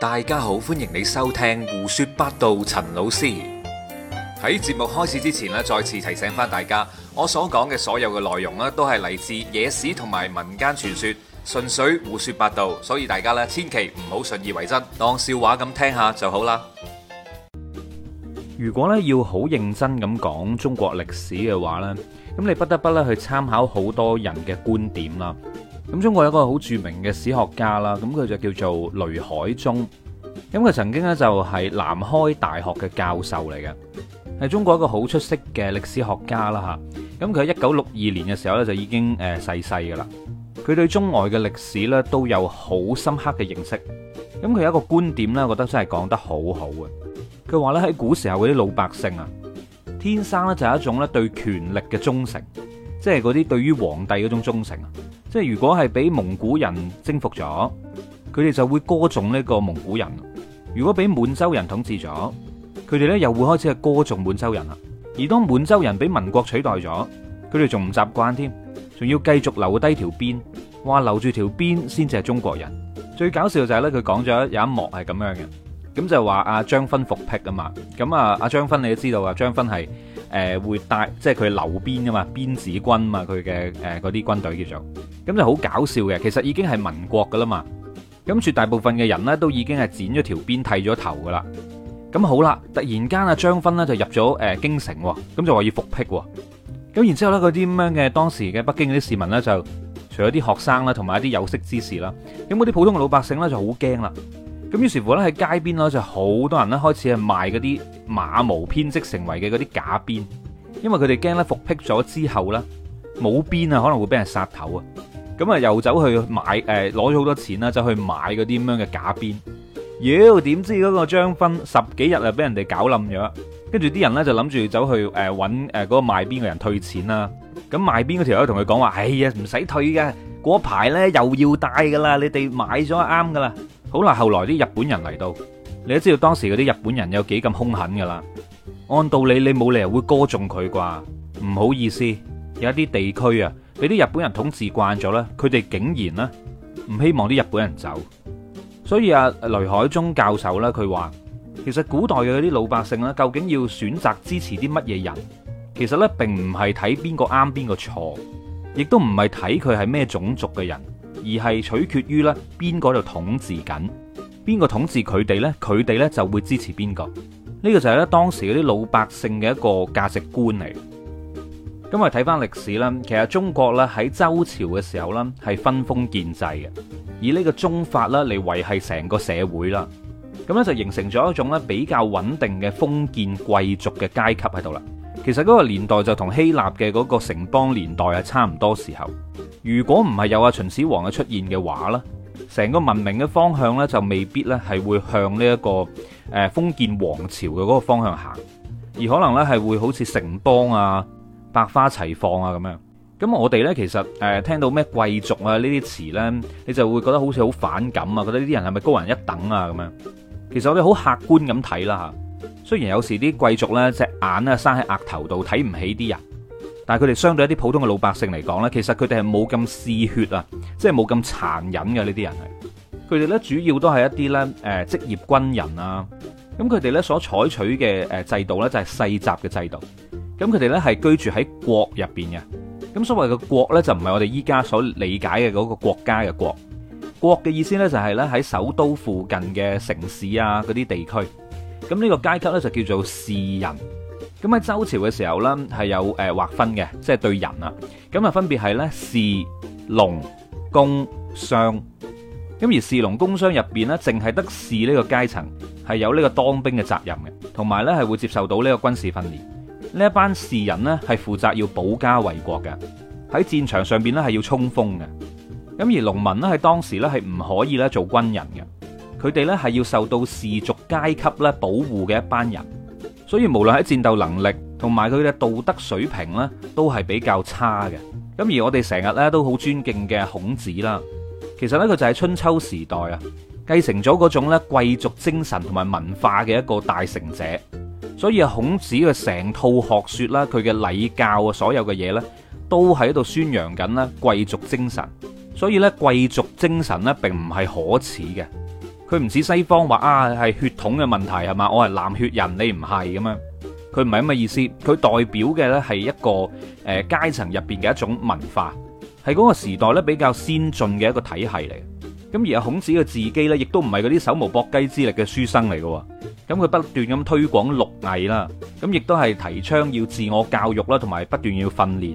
大家好，歡迎你收聽胡說八道。陳老師喺節目開始之前咧，再次提醒翻大家，我所講嘅所有嘅內容咧，都係嚟自野史同埋民間傳說，純粹胡說八道，所以大家咧千祈唔好信以為真，當笑話咁聽下就好啦。如果咧要好認真咁講中國歷史嘅話咧，咁你不得不咧去參考好多人嘅觀點啦。咁中國有一個好著名嘅史學家啦，咁佢就叫做雷海宗，咁佢曾經咧就係南開大學嘅教授嚟嘅，係中國一個好出色嘅歷史學家啦吓。咁佢喺一九六二年嘅時候咧就已經誒逝世噶啦。佢對中外嘅歷史咧都有好深刻嘅認識。咁佢有一個觀點咧，我覺得真係講得好好啊。佢話咧喺古時候嗰啲老百姓啊，天生咧就有一種咧對權力嘅忠誠，即係嗰啲對於皇帝嗰種忠誠啊。即係如果係俾蒙古人征服咗，佢哋就會歌頌呢個蒙古人；如果俾滿洲人統治咗，佢哋呢又會開始係歌頌滿洲人啦。而當滿洲人俾民國取代咗，佢哋仲唔習慣添，仲要繼續留低條辮，話留住條辮先至係中國人。最搞笑就係呢，佢講咗有一幕係咁樣嘅，咁就話阿張勳復辟啊嘛，咁啊阿張勳你都知道啊，張勳係。誒、呃、會帶即係佢留辮啊嘛，辮子軍嘛佢嘅誒嗰啲軍隊叫做，咁就好搞笑嘅，其實已經係民國嘅啦嘛，咁絕大部分嘅人呢，都已經係剪咗條辮剃咗頭噶啦，咁好啦，突然間阿張勳呢就入咗誒、呃、京城喎，咁、哦、就話要復辟喎、哦，咁然之後咧嗰啲咁樣嘅當時嘅北京啲市民呢，就，除咗啲學生啦同埋一啲有識之士啦，咁嗰啲普通老百姓呢，就好驚啦。咁於是乎咧，喺街邊咧就好多人咧開始係賣嗰啲馬毛編織成為嘅嗰啲假辮，因為佢哋驚咧復辟咗之後咧冇辮啊，邊可能會俾人殺頭啊！咁啊，又走去買誒攞咗好多錢啦，走去買嗰啲咁樣嘅假辮。妖點知嗰個張勳十幾日啊，俾人哋搞冧咗，跟住啲人咧就諗住走去誒揾誒嗰個賣辮嘅人退錢啦。咁賣辮嗰條友同佢講話，哎呀，唔使退嘅，嗰排咧又要戴噶啦，你哋買咗啱噶啦。好啦，後來啲日本人嚟到，你都知道當時嗰啲日本人有幾咁兇狠噶啦。按道理你冇理由會歌頌佢啩，唔好意思。有一啲地區啊，俾啲日本人統治慣咗咧，佢哋竟然呢唔希望啲日本人走。所以啊，雷海宗教授呢，佢話其實古代嘅嗰啲老百姓咧，究竟要選擇支持啲乜嘢人？其實呢，並唔係睇邊個啱邊個錯，亦都唔係睇佢係咩種族嘅人。而係取決於咧，邊個就統治緊，邊個統治佢哋咧，佢哋咧就會支持邊個。呢個就係咧當時嗰啲老百姓嘅一個價值觀嚟。咁啊，睇翻歷史啦，其實中國咧喺周朝嘅時候呢係分封建制嘅，以呢個宗法啦嚟維繫成個社會啦。咁咧就形成咗一種咧比較穩定嘅封建貴族嘅階級喺度啦。其實嗰個年代就同希臘嘅嗰個城邦年代係差唔多時候。如果唔係有阿秦始皇嘅出現嘅話呢，成個文明嘅方向呢，就未必呢係會向呢一個誒封建王朝嘅嗰個方向行，而可能呢係會好似城邦啊、百花齊放啊咁樣。咁我哋呢，其實誒、呃、聽到咩貴族啊呢啲詞呢，你就會覺得好似好反感啊，覺得呢啲人係咪高人一等啊咁樣？其實我哋好客觀咁睇啦吓，雖然有時啲貴族呢隻眼呀生喺額頭度，睇唔起啲人。但係佢哋相對一啲普通嘅老百姓嚟講呢，其實佢哋係冇咁嗜血啊，即係冇咁殘忍嘅呢啲人係。佢哋呢主要都係一啲呢誒職業軍人啊。咁佢哋呢所採取嘅誒制度呢，就係世襲嘅制度。咁佢哋呢係居住喺國入邊嘅。咁所謂嘅國呢，就唔係我哋依家所理解嘅嗰個國家嘅國。國嘅意思呢，就係呢喺首都附近嘅城市啊嗰啲地區。咁、這、呢個階級呢，就叫做士人。咁喺周朝嘅時候咧，係有誒劃分嘅，即係對人啊。咁啊分別係咧士、農、工、商。咁而士、農、工、商入邊咧，淨係得士呢個階層係有呢個當兵嘅責任嘅，同埋咧係會接受到呢個軍事訓練。呢一班士人咧係負責要保家衛國嘅，喺戰場上邊咧係要衝鋒嘅。咁而農民咧喺當時咧係唔可以咧做軍人嘅，佢哋咧係要受到士族階級咧保護嘅一班人。所以無論喺戰鬥能力同埋佢嘅道德水平咧，都係比較差嘅。咁而我哋成日咧都好尊敬嘅孔子啦，其實呢，佢就係春秋時代啊，繼承咗嗰種咧貴族精神同埋文化嘅一個大成者。所以啊，孔子嘅成套學說啦，佢嘅禮教啊，所有嘅嘢咧，都喺度宣揚緊啦貴族精神。所以咧，貴族精神咧，並唔係可恥嘅。佢唔似西方話啊，係血統嘅問題係嘛？我係藍血人，你唔係咁樣。佢唔係咁嘅意思，佢代表嘅咧係一個誒、呃、階層入邊嘅一種文化，係嗰個時代咧比較先進嘅一個體系嚟嘅。咁而孔子嘅自己呢，亦都唔係嗰啲手無縛雞之力嘅書生嚟嘅。咁佢不斷咁推廣六藝啦，咁、啊、亦都係提倡要自我教育啦，同埋不斷要訓練。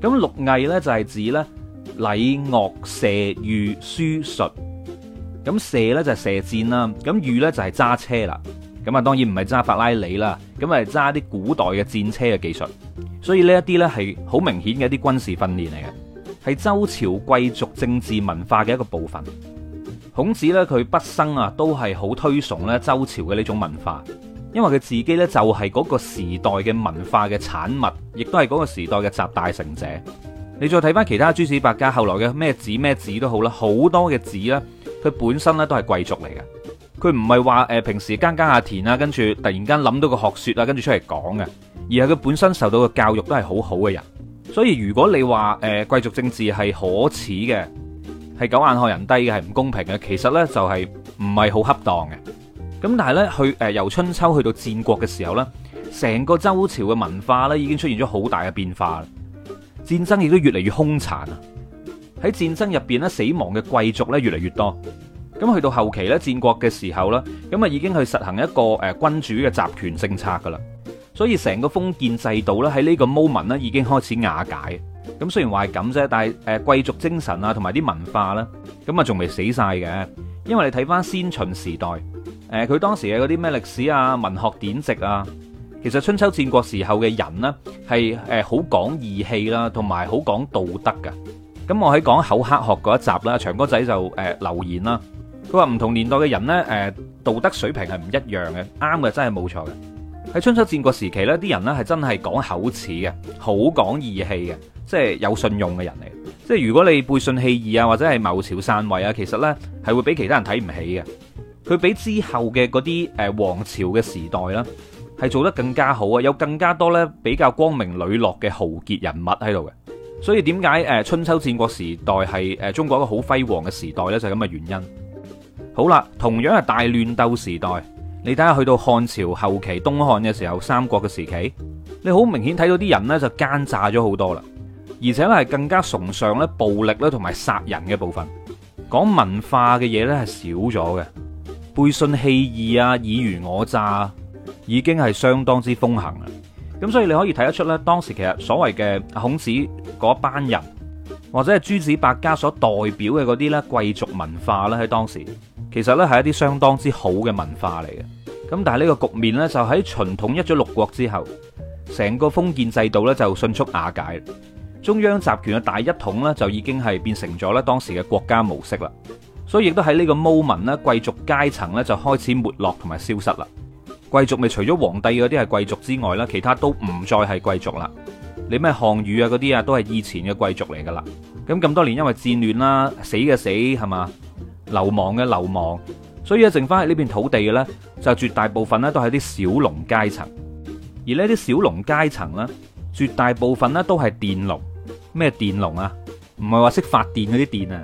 咁、啊、六藝呢，就係、是、指呢禮樂射御書術。咁射呢，就係射箭啦，咁御呢，就係揸車啦。咁啊，當然唔係揸法拉利啦，咁啊，揸啲古代嘅戰車嘅技術。所以呢一啲呢係好明顯嘅一啲軍事訓練嚟嘅，係周朝貴族政治文化嘅一個部分。孔子呢，佢畢生啊，都係好推崇呢周朝嘅呢種文化，因為佢自己呢，就係嗰個時代嘅文化嘅產物，亦都係嗰個時代嘅集大成者。你再睇翻其他諸子百家，後來嘅咩子咩子都好啦，好多嘅子啦。佢本身咧都係貴族嚟嘅，佢唔係話誒平時耕耕下田啊，跟住突然間諗到個學說啊，跟住出嚟講嘅，而係佢本身受到嘅教育都係好好嘅人。所以如果你話誒、呃、貴族政治係可恥嘅，係狗眼看人低嘅，係唔公平嘅，其實呢就係唔係好恰當嘅。咁但係呢，去誒、呃、由春秋去到戰國嘅時候呢，成個周朝嘅文化呢已經出現咗好大嘅變化啦，戰爭亦都越嚟越兇殘啊！喺戰爭入邊咧，死亡嘅貴族咧越嚟越多。咁去到後期咧，戰國嘅時候啦，咁啊已經去實行一個誒君主嘅集權政策噶啦。所以成個封建制度咧喺呢個 moment 呢已經開始瓦解。咁雖然話係咁啫，但係誒貴族精神啊同埋啲文化咧，咁啊仲未死晒嘅。因為你睇翻先秦時代，誒佢當時嘅嗰啲咩歷史啊、文學典籍啊，其實春秋戰國時候嘅人呢，係誒好講義氣啦，同埋好講道德嘅。咁我喺講厚黑學嗰一集啦，長哥仔就誒、呃、留言啦，佢話唔同年代嘅人呢，誒、呃、道德水平係唔一樣嘅，啱嘅真係冇錯嘅。喺春秋戰國時期呢，啲人呢係真係講口齒嘅，好講義氣嘅，即係有信用嘅人嚟。即係如果你背信棄義啊，或者係謀朝篡位啊，其實呢係會俾其他人睇唔起嘅。佢比之後嘅嗰啲誒王朝嘅時代啦，係做得更加好啊，有更加多呢比較光明磊落嘅豪傑人物喺度嘅。所以點解誒春秋戰國時代係誒中國一個好輝煌嘅時代呢？就係咁嘅原因。好啦，同樣係大亂鬥時代，你睇下去到漢朝後期、東漢嘅時候、三國嘅時期，你好明顯睇到啲人呢就奸詐咗好多啦，而且咧係更加崇尚咧暴力咧同埋殺人嘅部分，講文化嘅嘢呢係少咗嘅，背信棄義啊、以虞我詐啊，已經係相當之風行啊。咁所以你可以睇得出咧，當時其實所謂嘅孔子嗰班人，或者係諸子百家所代表嘅嗰啲咧貴族文化咧喺當時，其實咧係一啲相當之好嘅文化嚟嘅。咁但係呢個局面咧就喺秦統一咗六國之後，成個封建制度咧就迅速瓦解，中央集權嘅大一統咧就已經係變成咗咧當時嘅國家模式啦。所以亦都喺呢個 moment 咧貴族階層咧就開始沒落同埋消失啦。貴族咪除咗皇帝嗰啲係貴族之外啦，其他都唔再係貴族啦。你咩項羽啊嗰啲啊，都係以前嘅貴族嚟噶啦。咁咁多年因為戰亂啦，死嘅死係嘛，流亡嘅流亡，所以啊剩翻喺呢片土地嘅咧，就絕大部分咧都係啲小農階層。而呢啲小農階層咧，絕大部分咧都係佃農。咩佃農啊？唔係話識發電嗰啲電啊？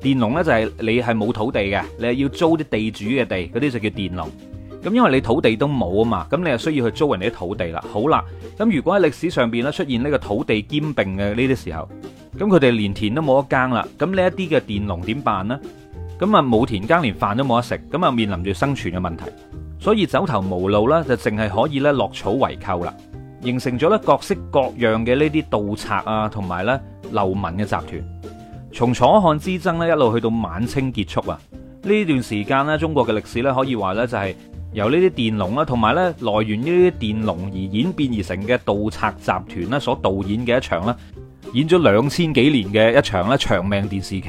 佃農咧就係你係冇土地嘅，你係要租啲地主嘅地，嗰啲就叫佃農。咁因為你土地都冇啊嘛，咁你又需要去租人哋啲土地啦。好啦，咁如果喺歷史上邊咧出現呢個土地兼並嘅呢啲時候，咁佢哋連田都冇得耕啦，咁呢一啲嘅佃農點辦呢？咁啊冇田耕，連飯都冇得食，咁啊面臨住生存嘅問題，所以走投無路咧，就淨係可以咧落草為寇啦，形成咗咧各式各樣嘅呢啲盜賊啊，同埋咧流民嘅集團。從楚漢之爭咧一路去到晚清結束啊，呢段時間咧中國嘅歷史咧可以話咧就係、是。由呢啲電龍啦，同埋咧來源呢啲電龍而演變而成嘅盜賊集團咧，所導演嘅一場啦，演咗兩千幾年嘅一場咧長命電視劇。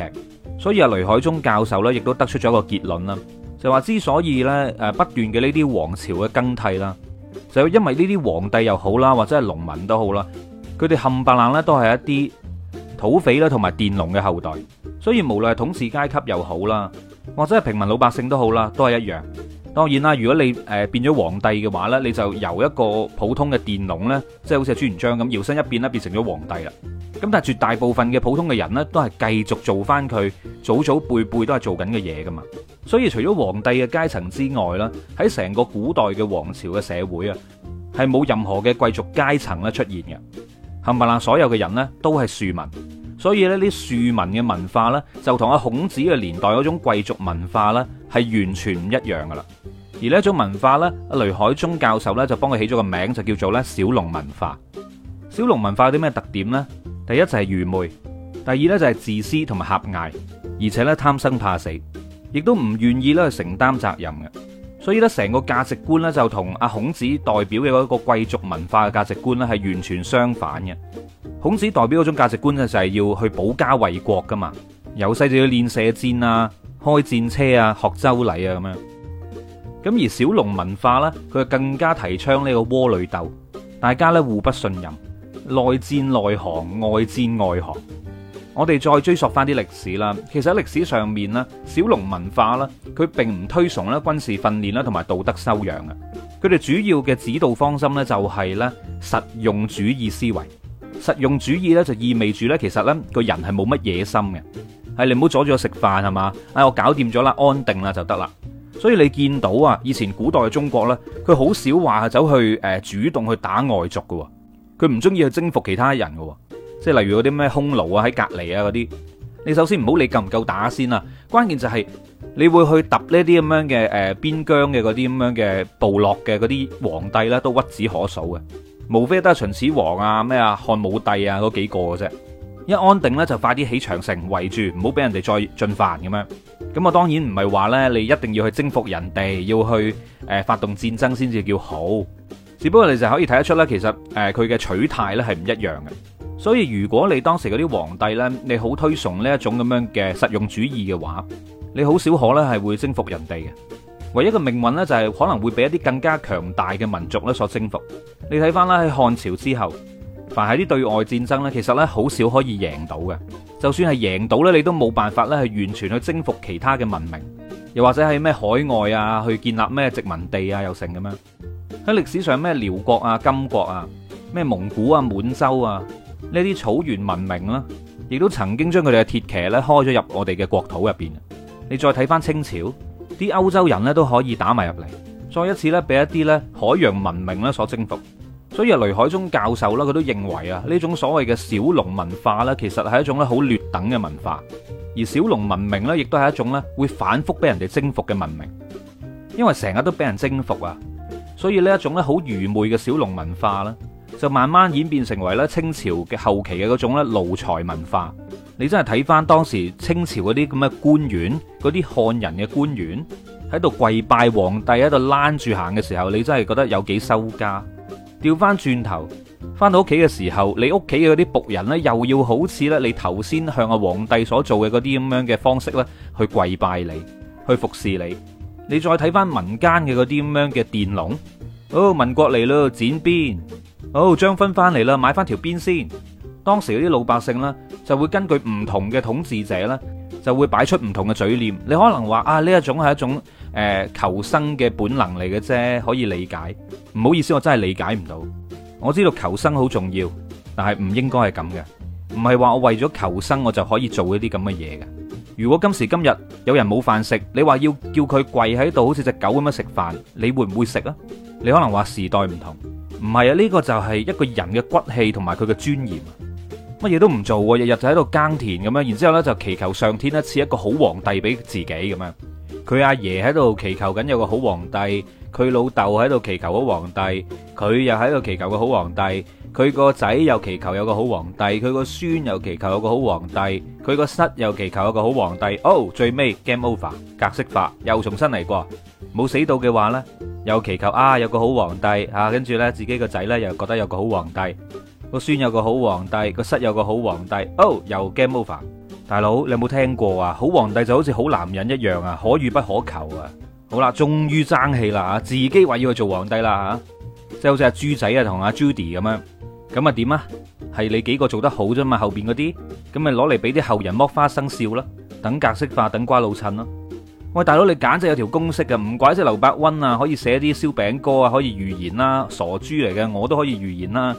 所以啊，雷海宗教授咧，亦都得出咗一個結論啦，就話之所以咧誒不斷嘅呢啲王朝嘅更替啦，就因為呢啲皇帝又好啦，或者係農民都好啦，佢哋冚唪唥咧都係一啲土匪啦，同埋電龍嘅後代。所以無論係統治階級又好啦，或者係平民老百姓都好啦，都係一樣。當然啦，如果你誒變咗皇帝嘅話呢，你就由一個普通嘅佃農呢，即係好似朱元璋咁搖身一變咧，變成咗皇帝啦。咁但係絕大部分嘅普通嘅人呢，都係繼續做翻佢祖祖輩輩都係做緊嘅嘢噶嘛。所以除咗皇帝嘅階層之外啦，喺成個古代嘅王朝嘅社會啊，係冇任何嘅貴族階層咧出現嘅。冚唪唥所有嘅人呢，都係庶民，所以呢啲庶民嘅文化呢，就同阿孔子嘅年代嗰種貴族文化啦，係完全唔一樣噶啦，而呢一種文化呢，阿雷海宗教授呢就幫佢起咗個名，就叫做呢小農文化。小農文化有啲咩特點呢？第一就係愚昧，第二呢就係自私同埋狹隘，而且呢貪生怕死，亦都唔願意呢去承擔責任嘅。所以呢，成個價值觀呢，就同阿孔子代表嘅嗰個貴族文化嘅價值觀呢係完全相反嘅。孔子代表嗰種價值觀呢，就係要去保家衛國噶嘛，由細就要練射箭啦、啊。開戰車啊，學周禮啊，咁樣咁。而小農文化呢，佢更加提倡呢個窩裏鬥，大家呢互不信任，內戰內行，外戰外行。我哋再追溯翻啲歷史啦，其實喺歷史上面呢，小農文化呢，佢並唔推崇呢軍事訓練啦，同埋道德修養啊。佢哋主要嘅指導方針呢，就係呢實用主義思維。實用主義呢，就意味住呢，其實呢個人係冇乜野心嘅。係、哎、你唔好阻住我食飯係嘛，哎我搞掂咗啦，安定啦就得啦。所以你見到啊，以前古代嘅中國咧，佢好少話走去誒、呃、主動去打外族嘅，佢唔中意去征服其他人嘅，即係例如嗰啲咩匈奴啊喺隔籬啊嗰啲。你首先唔好理夠唔夠打先啦，關鍵就係、是、你會去揼呢啲咁樣嘅誒邊疆嘅嗰啲咁樣嘅部落嘅嗰啲皇帝咧，都屈指可數嘅，無非都係秦始皇啊咩啊漢武帝啊嗰幾個嘅啫。一安定咧，就快啲起長城圍住，唔好俾人哋再進犯咁樣。咁我當然唔係話咧，你一定要去征服人哋，要去誒、呃、發動戰爭先至叫好。只不過你就可以睇得出咧，其實誒佢嘅取態咧係唔一樣嘅。所以如果你當時嗰啲皇帝咧，你好推崇呢一種咁樣嘅實用主義嘅話，你好少可咧係會征服人哋嘅。唯一嘅命運咧就係可能會俾一啲更加強大嘅民族咧所征服。你睇翻，啦，喺漢朝之後。凡係啲對外戰爭呢，其實呢好少可以贏到嘅。就算係贏到呢，你都冇辦法呢，係完全去征服其他嘅文明，又或者係咩海外啊，去建立咩殖民地啊，又成噉樣。喺歷史上咩遼國啊、金國啊、咩蒙古啊、滿洲啊呢啲草原文明啦、啊，亦都曾經將佢哋嘅鐵騎呢開咗入我哋嘅國土入邊。你再睇翻清朝，啲歐洲人呢，都可以打埋入嚟，再一次呢，俾一啲呢海洋文明呢所征服。所以雷海中教授啦，佢都認為啊，呢種所謂嘅小農文化咧，其實係一種咧好劣等嘅文化。而小農文明咧，亦都係一種咧會反復俾人哋征服嘅文明，因為成日都俾人征服啊。所以呢一種咧好愚昧嘅小農文化咧，就慢慢演變成為咧清朝嘅後期嘅嗰種咧奴才文化。你真係睇翻當時清朝嗰啲咁嘅官員，嗰啲漢人嘅官員喺度跪拜皇帝，喺度躝住行嘅時候，你真係覺得有幾羞家。調翻轉頭，翻到屋企嘅時候，你屋企嘅嗰啲僕人呢，又要好似呢你頭先向阿皇帝所做嘅嗰啲咁樣嘅方式呢，去跪拜你，去服侍你。你再睇翻民間嘅嗰啲咁樣嘅電籠，哦，民國嚟咯，剪辮，哦，張勳翻嚟啦，買翻條辮先。當時嗰啲老百姓呢，就會根據唔同嘅統治者咧。就會擺出唔同嘅嘴臉，你可能話啊，呢一種係一種誒求生嘅本能嚟嘅啫，可以理解。唔好意思，我真係理解唔到。我知道求生好重要，但係唔應該係咁嘅。唔係話我為咗求生我就可以做一啲咁嘅嘢嘅。如果今時今日有人冇飯食，你話要叫佢跪喺度好似隻狗咁樣食飯，你會唔會食啊？你可能話時代唔同，唔係啊，呢個就係一個人嘅骨氣同埋佢嘅尊嚴。乜嘢都唔做，日日就喺度耕田咁樣，然之後咧就祈求上天呢，賜一個好皇帝俾自己咁樣。佢阿爺喺度祈求緊有個好皇帝，佢老豆喺度祈求好皇帝，佢又喺度祈求個好皇帝，佢個仔又祈求有個好皇帝，佢個孫又祈求有個好皇帝，佢個室又祈求有個好皇帝。哦，最尾 Game Over 格式化，又重新嚟過，冇死到嘅話呢，又祈求啊有個好皇帝啊，跟住呢，自己個仔呢，又覺得有個好皇帝。啊個孫有個好皇帝，個室有個好皇帝，哦，又 game over。大佬，你有冇聽過啊？好皇帝就好似好男人一樣啊，可遇不可求啊。好啦，終於爭氣啦吓，自己話要去做皇帝啦吓，即係好似阿豬仔啊同阿 Judy 咁樣，咁啊點啊？係你幾個做得好啫嘛，後邊嗰啲咁咪攞嚟俾啲後人剝花生笑咯，等格式化，等瓜老襯咯。喂，大佬，你簡直有條公式啊，唔怪之劉伯溫啊，可以寫啲燒餅歌啊，可以預言啦，傻豬嚟嘅，我都可以預言啦。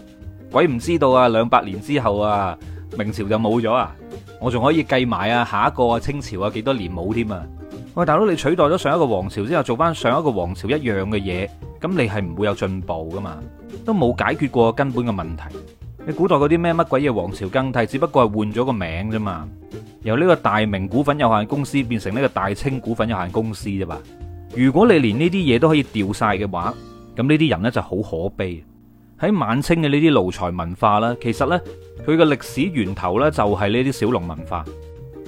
鬼唔知道啊！兩百年之後啊，明朝就冇咗啊！我仲可以計埋啊，下一個啊清朝啊幾多年冇添啊！喂，大佬，你取代咗上一個王朝之後，做翻上一個王朝一樣嘅嘢，咁你係唔會有進步噶嘛？都冇解決過根本嘅問題。你古代嗰啲咩乜鬼嘢王朝更替，只不過係換咗個名啫嘛。由呢個大明股份有限公司變成呢個大清股份有限公司啫嘛。如果你連呢啲嘢都可以掉晒嘅話，咁呢啲人呢就好可悲。喺晚清嘅呢啲奴才文化啦，其實咧，佢嘅歷史源頭咧就係呢啲小農文化。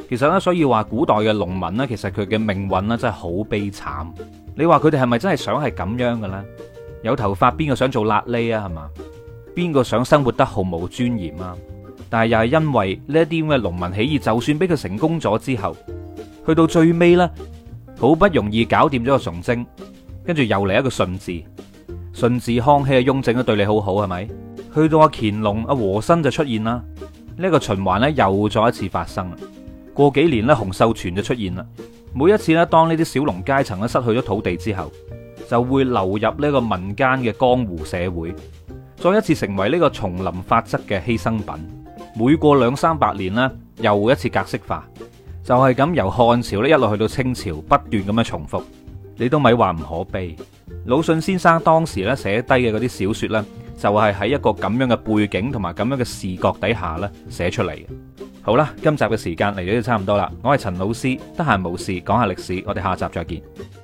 其實咧，所以話古代嘅農民咧，其實佢嘅命運咧真係好悲慘。你話佢哋係咪真係想係咁樣嘅咧？有頭髮邊個想做癩痢啊？係嘛？邊個想生活得毫無尊嚴啊？但係又係因為呢啲咁嘅農民起義，就算俾佢成功咗之後，去到最尾咧，好不容易搞掂咗個崇禎，跟住又嚟一個順治。順治、康熙、啊、雍正都對你好好係咪？去到阿乾隆、阿和珅就出現啦。呢一個循環咧，又再一次發生。過幾年咧，洪秀全就出現啦。每一次咧，當呢啲小農階層咧失去咗土地之後，就會流入呢個民間嘅江湖社會，再一次成為呢個叢林法則嘅犧牲品。每過兩三百年咧，又一次格式化，就係咁由漢朝咧一路去到清朝，不斷咁樣重複。你都咪話唔可悲，魯迅先生當時咧寫低嘅嗰啲小說呢，就係喺一個咁樣嘅背景同埋咁樣嘅視角底下呢寫出嚟。好啦，今集嘅時間嚟到都差唔多啦，我係陳老師，得閒冇事講下歷史，我哋下集再見。